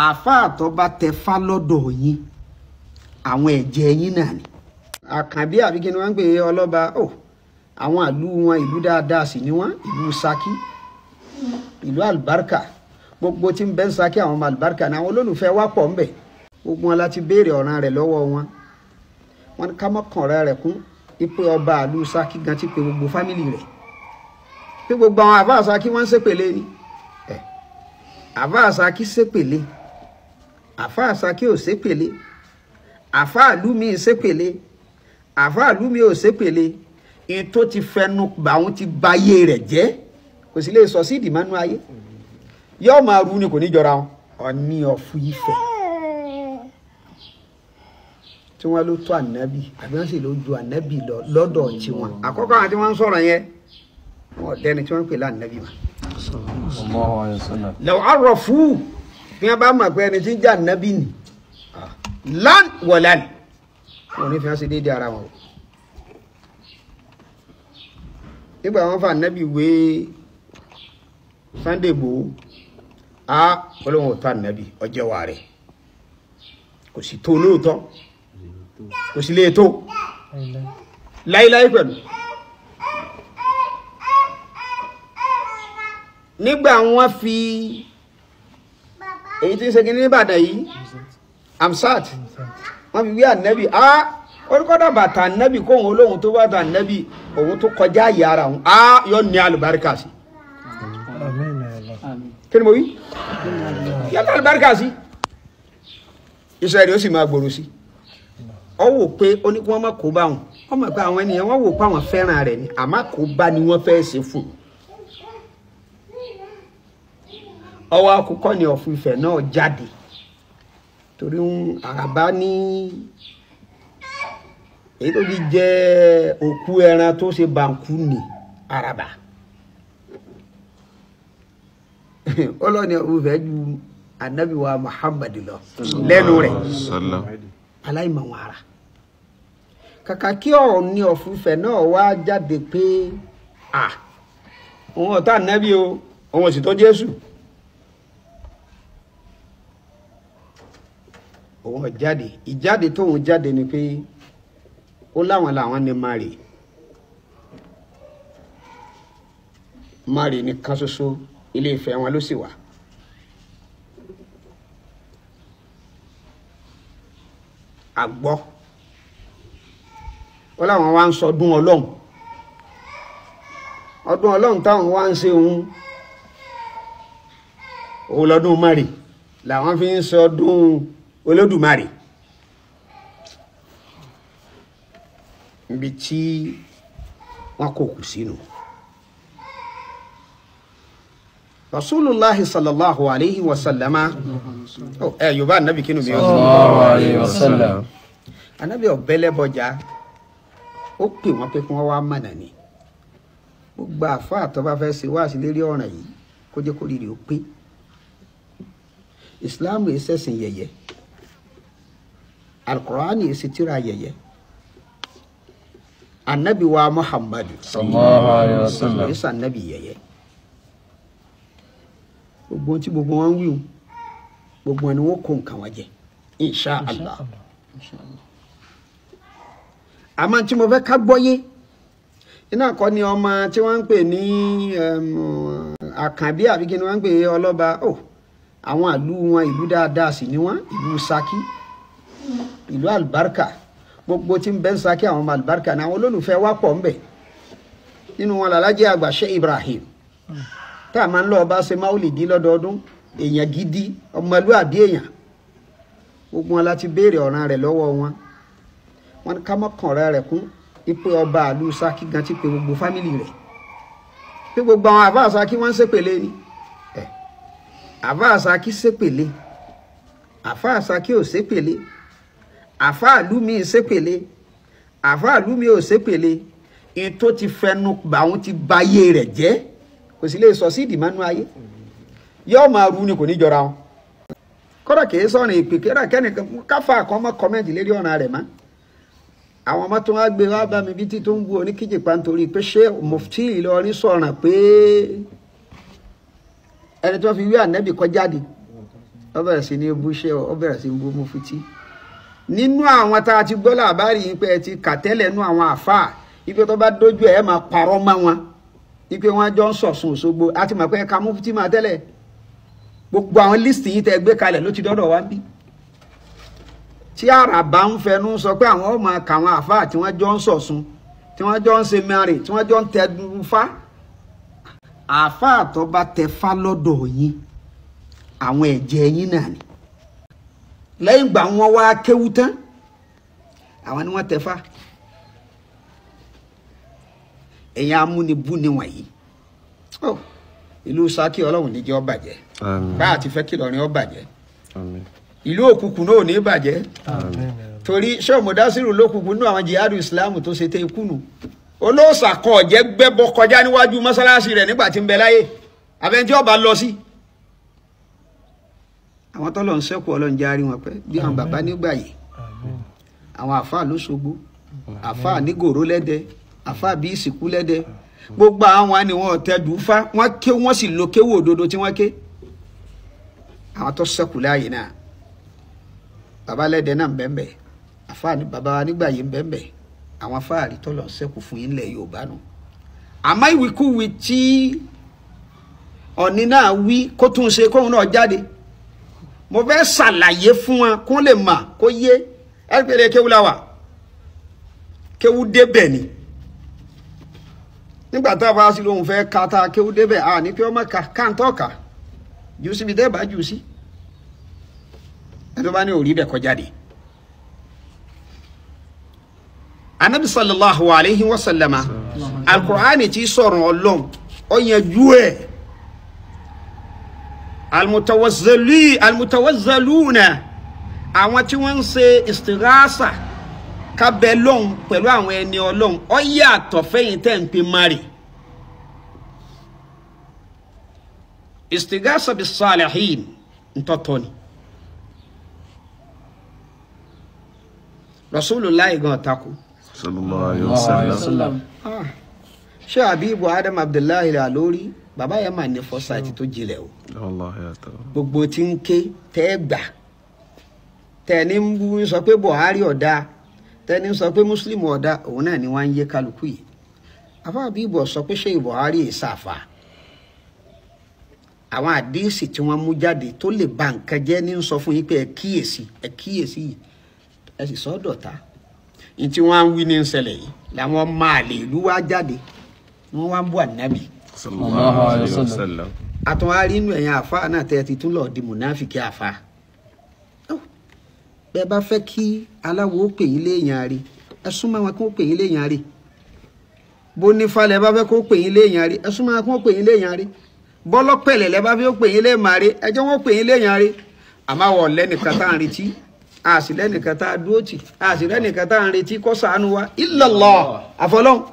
àáfàá tó bá tẹ fá lọ́dọ̀ yín àwọn ẹ̀jẹ̀ yín náà ni. àkànbí àbí kí ni wọ́n ń pè é ọlọ́ba o àwọn àlú wọn ìlú dáadáa sì ni wọ́n ìlú Ṣakí ìlú àlùbáríkà gbogbo tí ń bẹ ń Ṣakí àwọn ọmọ àlùbáríkà ni àwọn olólùfẹ́ wa pọ̀ ń bẹ̀ gbogbo wọn láti béèrè ọ̀ràn rẹ̀ lọ́wọ́ wọn wọn ká mọ́kànrẹ́ rẹ̀ kún ipò ọba àlú Ṣakí gan ti pe gbogbo fámìlì rẹ̀ pé gbogbo àwọn àbá Ṣakí wọ́n ń ṣèpèlé ni àbá Ṣakí ṣèpèlé. Eh àfa àsakí ò sépèlé àfa àlùmí sépèlé àfa àlùmí ò sépèlé ìtò ti fẹnu bà òun ti bayé rẹ̀ jẹ́ kò sí lè sọ sí ìdìmánú ayé yóò máa ru ni kò ní jọra wọn ọ̀ní ọ̀fù ìfẹ́ tí wọ́n ló tó ànábì àbí wọ́n sì ló ju ànábì lọ lọ́dọ̀ tiwọn àkọ́kọ́ àwọn tí wọ́n ń sọ̀rọ̀ yẹn wọn ò dẹni tí wọ́n ń pè lánàbì mà. lọ́wọ́ àrọ̀ fún bí a bá mọ̀ pé ẹni tí ń jà nábì nì lán wọ̀lán wọn ní fi hàn sí déédé ara wọn. nígbà wọn fà nábì wé Sunday Igboho á ọlọ́wọ́n ò tó ànábì ọjọ́ wa rẹ̀ kò sì tó lóòótọ́ kò sì lè tó láíláí pẹ̀lú. nígbà wọn fi èyí tí ń ṣe kí ní Ìbàdàn yìí amsat wọ́n fi wí ànẹ́bì á orúkọ́dà bàtà ànẹ́bì kóhun olóhun tó bàtà ànẹ́bì òun tó kọjá àyè ara òun á yọ ní alùbáríkà sí kí ni mo wí yọ ní alùbáríkà sí Ísírẹ́lì ó sì máa gbòòrò sí ọ wò pé ó ní kí wọ́n má kó bá wọn wọ́n mọ̀ pé àwọn ènìyàn wọ́n wò pé àwọn fẹ́ràn rẹ̀ ni àmọ́ kó bá ni wọ́n fẹ́ ṣe fún un. ọwọ́ akókò ní ọ̀fun Ifẹ̀ náà jáde torí Àràbá ní èyí tó fi jẹ òkú ẹran tó ṣe bàǹkú ní Àràbá ọlọ́ni ọ̀fun Ifẹ̀ ju anabiwa Muhammad lọ lẹ́nu rẹ̀ aláìmọ̀wọ̀n ara kàkà kí ọ̀rọ̀ ní ọ̀fun Ifẹ̀ náà wá jáde pé à òun ọ̀tá ànábì o òun òsì tó Jésù. òun jáde ìjáde tóun jáde ni pé ó láwọn làwọn ní mari mari nìkan ṣoṣo ilé Ifẹ̀ wọn ló sì wà. àgbọ́ ó láwọn wá ń sọdún ọlọ́run ọdún ọlọ́run táwọn wá ń ṣe òun òun lọ́dún mari làwọn fi ń sọdún ọlọ́run olódùmarè níbi tí wọ́n kò kù sínú. rasulullahi sallallahu alayhi wa sallama oh, ẹ yorùbá anabi kinu mi. sallallahu alayhi wa sallam. anabi ọ̀bẹ́lẹ́bọjà ó pè wọ́n pé kí wọ́n wá mọ̀nà ni gbogbo àfa àtọ́ba fẹ́ ṣe wá sí lérí ọ̀ràn yìí kó jẹ́ kó rírì ó pé islam ẹ̀sẹ̀sìn yẹ̀yẹ́ alukur'ani yìí sì tíra yẹ̀yẹ́ anabi wa muhammadu sallallahu alayhi wa sallam yìí sànnabi yẹ̀yẹ́ gbogbo tí gbogbo wọn ń wí o gbogbo wọn ni wọn kó nǹkan wọn jẹ insha allah àmọ́ tí mo fẹ́ ká gbọ́yé iná kọ́ ni ọmọ tí wọ́n ń pè ní àkànbí àbí kí ni wọ́n ń pè ọlọ́ba o oh, àwọn ìlú wọn ìlú dáadáa sì ni wọ́n ìlú saki ìlú àlùbáríkà gbogbo tí ń bẹ́ ń Ṣakí àwọn ọmọ àlùbáríkà ni àwọn olólùfẹ́ wa pọ̀ ńbẹ̀ nínú wọn làlájẹ́ àgbà Ibrahim tá a máa ń lọ ọba ṣe máwùlìdí lọ́dọọdún èèyàn gidi ọmọlúàbí èèyàn gbogbo wọn láti béèrè ọ̀ràn rẹ̀ lọ́wọ́ wọn wọn ká mọ́kànlá rẹ̀ kún ipe ọba àlù Ṣakí gan ti pe gbogbo fámìlì rẹ̀ pé gbogbo àwọn àbá Ṣakí wọ́n ń ṣèpèlé ni àbá Ṣakí ṣèpèlé àfa Ṣakí ò ṣèpèlé àfáàlú mi ń ṣépèlé àfáàlú mi ò ṣépèlé in tó ti fẹnu bà òun ti ba ayé rẹ̀ jẹ́ kò sì lè sọ sí ìdìmọ́nú ayé yóò máa ru ni kò ní jọra wọn kódà kìí sọ̀rọ̀ ìpè kódà kẹ́nìkan káfà kan mọ́ kọ́mẹ́ǹtì lérí ọ̀nà rẹ̀ mọ́ àwọn ọmọ tó wá gbé wá bá mi bí tí tó ń bu oníkíjì pa nítorí pé ṣé mufti Ìlọrin sọ̀rọ̀ pé ẹni tó fi wí ànẹ́bì kọjáde ó bẹ̀rẹ̀ sí ní bú ṣé ó bẹ̀rẹ̀ sí ní bú mufti nínú àwọn tá a ti gbọ́ làbárì yìí pé ẹ ti kà tẹ́lẹ̀ nú àwọn àfáà ipe tó bá dójú ẹ̀ máa parọ́ mọ́ wọn ipe wọn jọ ń sọ̀sùn Òṣogbo a ti mọ̀ pé ẹ̀ka mufti máa tẹ́lẹ̀ gbogbo àwọn lísìtì yìí tẹ́ gbé kalẹ̀ ló ti dọ́dọ̀ wá bí tí àràbà ń fẹnu sọ pé àwọn ọmọ kàwọn àfáà tí wọ́n jọ ń sọ̀sùn tí wọ́n jọ ń ṣe mẹ́rin tí wọ́n jọ ń tẹdun fá àfáà tó bá tẹ fá lọ́dọ̀ yín àwọn ẹ̀jẹ̀ yín náà ni lẹ́yìn ìgbà wọn wá kéwú tán àwọn ni wọ́n tẹ̀fá ẹ̀yin amúnibú ni wọ̀nyí oh, ìlú Ṣakí ọlọ́run níjẹ́ ó bàjẹ́ bá a ti fẹ́ kí Ìlọrin ó bàjẹ́ ìlú òkùnkùn náà ò ní bàjẹ́ torí ṣé mọ̀dásírù lókùnkùn náà àwọn jihadu islam tó ṣe tẹ ikúnu olóòṣà kan ọ̀jẹ́ gbẹ́bọ kọjá níwájú mọ́ṣáláṣí rẹ̀ nígbà tí ń bẹ láyé abẹ́ntí ọba lọ sí. Si àwọn tọ́lọ̀ ń sẹ́kù ọlọ́run jẹ́ àárín wọn pẹ́ bí àwọn bàbá nígbà yìí àwọn àfáà lóṣogbo àfáà nígòrò lẹ́dẹ àfáà bí ìsìnkú lẹ́dẹ gbogbo àwọn ni wọn tẹdù fa wọn ké wọn sì lo kéwò òdodo tí wọn ké àwọn tó sẹ́kù láàyè náà bàbá lẹ́dẹ náà bẹ́ẹ̀nbẹ́ àfáà ní bàbá wa nígbà yìí bẹ́ẹ̀nbẹ́ àwọn afáàrí tọ́lọ̀ ń sẹ́kù fún yín ilẹ̀ Yorùbá nù mo fẹ́ ṣàlàyé fún wọn kó lè mà kó yé ẹgbẹ̀rẹ̀ kéwu la wà kéwu débẹ̀ ni nígbà tá a bá sí lóhun fẹ́ ka tá a kéwu débẹ̀ a ní kí wọ́n má ka káńtọ́ ka jù síbi dẹ́ẹ̀ bá jù sí ẹni tó bá ní òrí bẹ̀ kọjá de. anabi sallallahu alayhi wa sallama alukur'ani ti sọ̀rọ̀ ọlọ́run ó yanjú ẹ̀ almutawazzaluna àwọn tí wọ́n ń ṣe istighasa kábẹ́ lọ́hùn pẹ̀lú àwọn ẹni ọlọ́hùn ó yàtọ̀ fẹ́yìn tẹ́ ń pe mari istighasa bis salihin ntọ́tọ́ ni Rasulullah gan tako. sallallahu alayhi wa sallam. ṣé àbíbu ah, adam abdullahi la lórí. Baba yẹn mà ní fọsáìtì tó jinlẹ̀ o gbogbo tí ń ké tẹ́ ẹ gbà tẹni ń sọ pé Buhari ọ̀dà tẹni ń sọ pé Muslim ọ̀dà òun náà ni wọ́n ń yé kálukú yìí afáàbí ìbò sọ pé ṣé Buhari ìsàfà àwọn àdéhìsì tí wọ́n mú jáde tó lè ba nǹkan jẹ́ ní sọ fún yín pé ẹ kíyèsí ẹ kíyèsí yìí ẹ sì sọ dọ̀tá ní tí wọ́n á ń wí ní ń ṣẹlẹ̀ yìí làwọn máa lè lú wá jáde wọ́n wá ń bọ̀ ànábì sallallahu alayhi wa sallam. àtúnwárí inú ẹ̀yìn àfa náà tẹ́ ẹ ti tún lọ di mùnáfìkì àfa. bẹ́ẹ̀ bá fẹ́ kí aláwo ó pè yín léèyàn rí ẹ súnmọ́ wọn kí wọ́n pè yín léèyàn rí. bó ní falẹ̀ bá fẹ́ kó pè yín léèyàn rí ẹ súnmọ́ wọn kí wọ́n pè yín léèyàn rí. bọ́lọ́pẹ̀lẹ̀ lẹ́ bá fẹ́ pè yín léèyàn rí ẹ jẹ́ tá a dúró tì àṣìlẹ́nìkan tá à retí kó ṣàánú wa illallah àfọlọ́hùn